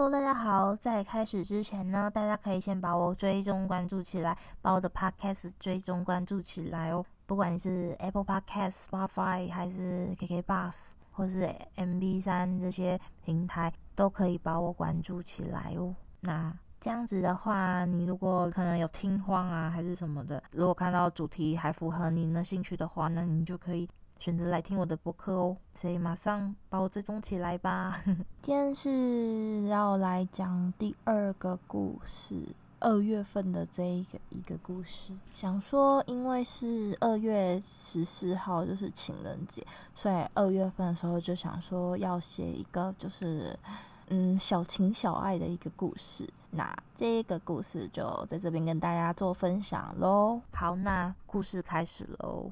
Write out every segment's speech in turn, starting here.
Hello，大家好，在開始之前呢，大家可以先把我追蹤關注起來，把我的 Podcast 追蹤關注起來哦。不管你是 Apple Podcast、Spotify 還是 KKBOX 或是 MB3 這些平台，都可以把我關注起來哦。那這樣子的話，你如果可能有聽荒啊，還是什麼的，如果看到主題還符合您的興趣的話，那你就可以。選擇來聽我的播客哦，所以馬上把我追蹤起來吧。今天是要來講第二個故事，二月份的這一個一個故事。想說，因為是二月十四號，就是情人節，所以二月份的時候就想說要寫一個，就是嗯小情小愛的一個故事。那這個故事就在這邊跟大家做分享嘍。好，那故事開始嘍。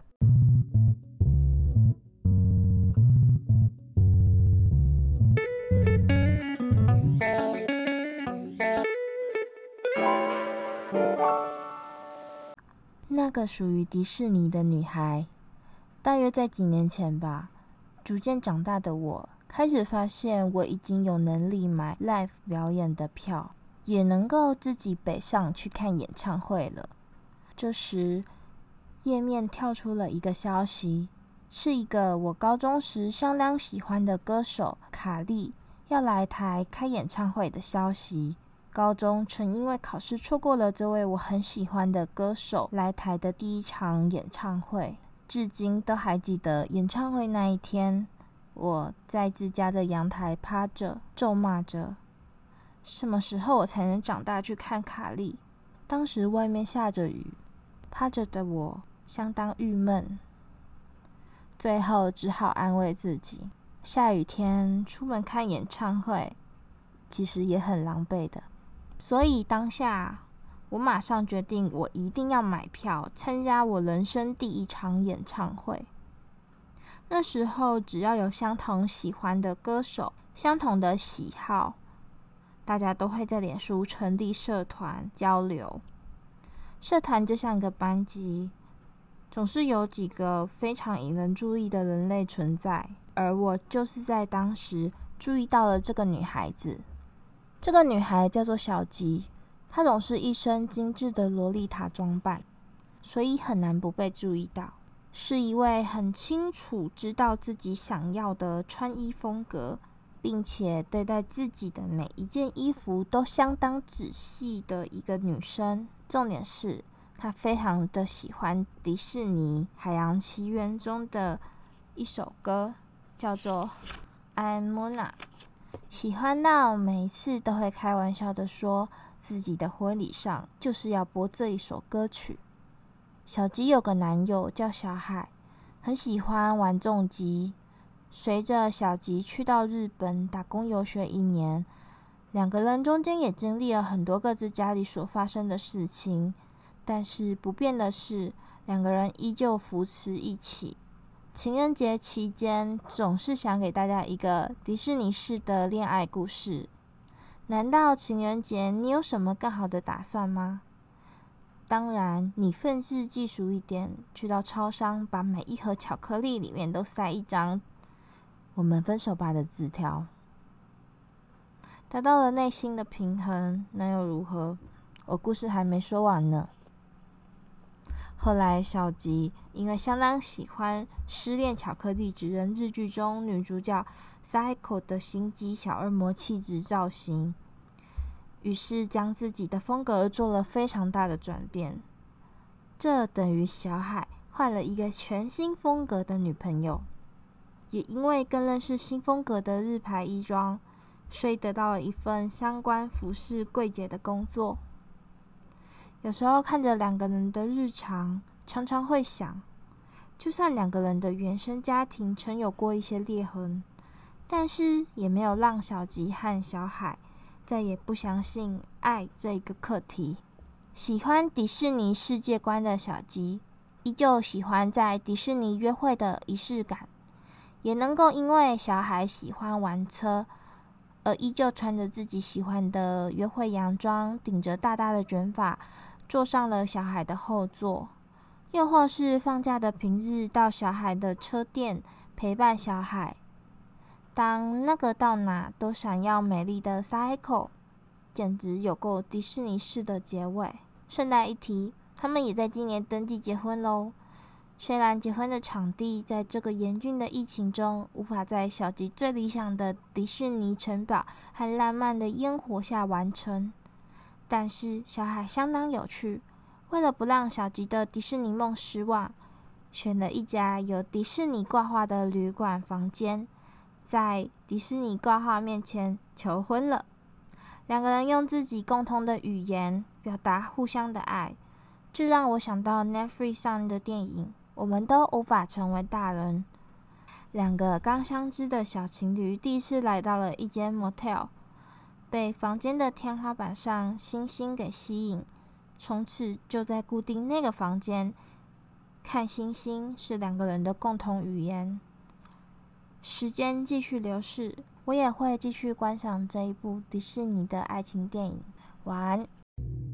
那個屬於迪士尼的女孩，大約在幾年前吧。逐漸長大的我，開始發現我已經有能力買 live 表演的票，也能夠自己北上去看演唱會了。這時，頁面跳出了一個消息，是一個我高中時相當喜歡的歌手卡莉要來台開演唱會的消息。高中曾因為考試錯過了這位我很喜歡的歌手來台的第一場演唱會，至今都還記得。演唱會那一天，我在自家的陽台趴着，咒罵着：“什麼時候我才能長大去看卡莉？”當時外面下着雨，趴着的我相當鬱悶，最後只好安慰自己：下雨天出門看演唱會，其實也很狼狽的。所以當下，我馬上決定，我一定要買票參加我人生第一場演唱會。那時候，只要有相同喜歡的歌手、相同的喜好，大家都會在臉書成立社團交流。社團就像一個班級，總是有幾個非常引人注意的人類存在，而我就是在當時注意到了這個女孩子。這個女孩叫做小吉，她總是一身精緻的洛麗塔裝扮，所以很難不被注意到。是一位很清楚知道自己想要的穿衣風格，並且對待自己的每一件衣服都相當仔細的一個女生。重點是，她非常的喜歡迪士尼《海洋奇緣》中的一首歌，叫做《I'm Moana》。喜歡到，每一次都會開玩笑的說自己的婚禮上就是要播這一首歌曲。小吉有個男友叫小海，很喜歡玩重機。隨着小吉去到日本打工遊學一年，兩個人中間也經歷了很多各自家裡所發生的事情，但是不變的是，兩個人依舊扶持一起。情人節期間總是想給大家一個迪士尼式的戀愛故事，難道情人節你有什麼更好的打算嗎？當然，你憤世嫉俗一點，去到超商把每一盒巧克力裡面都塞一張“我們分手吧”的字條，達到了內心的平衡，那又如何？我故事還沒說完呢。後來，小吉因為相當喜歡《失戀巧克力職人》日劇中女主角 Psycho 的心機小惡魔氣質造型，於是將自己的風格做了非常大的轉變。這等於小海換了一個全新風格的女朋友，也因為更認識新風格的日牌衣裝，所以得到了一份相關服飾櫃姐的工作。有時候看着兩個人的日常，常常會想，就算兩個人的原生家庭曾有過一些裂痕，但是也沒有讓小吉和小海再也不相信愛這個課題。喜歡迪士尼世界觀的小吉，依舊喜歡在迪士尼約會的儀式感，也能夠因為小海喜歡玩車，而依舊穿着自己喜歡的約會洋裝，頂着大大的捲髮。坐上了小海的後座，又或是放假的平日到小海的車店陪伴小海。當那個到哪都想要美麗的 cycle，簡直有夠迪士尼式的結尾。順帶一提，他們也在今年登記結婚嘍。雖然結婚的場地在這個嚴峻的疫情中，無法在小吉最理想的迪士尼城堡和浪漫的煙火下完成。但是小海相當有趣，為了不讓小吉的迪士尼夢失望，選了一家有迪士尼掛畫的旅館房間，在迪士尼掛畫面前求婚了。兩個人用自己共同的語言表達互相的愛，這讓我想到 Netflix 上的電影《我們都無法成為大人》。兩個剛相知的小情侶第一次來到了一間 Motel。被房間的天花板上星星給吸引，從此就在固定那個房間，看星星是兩個人的共同語言。時間繼續流逝，我也會繼續觀賞這一部迪士尼的愛情電影。晚安。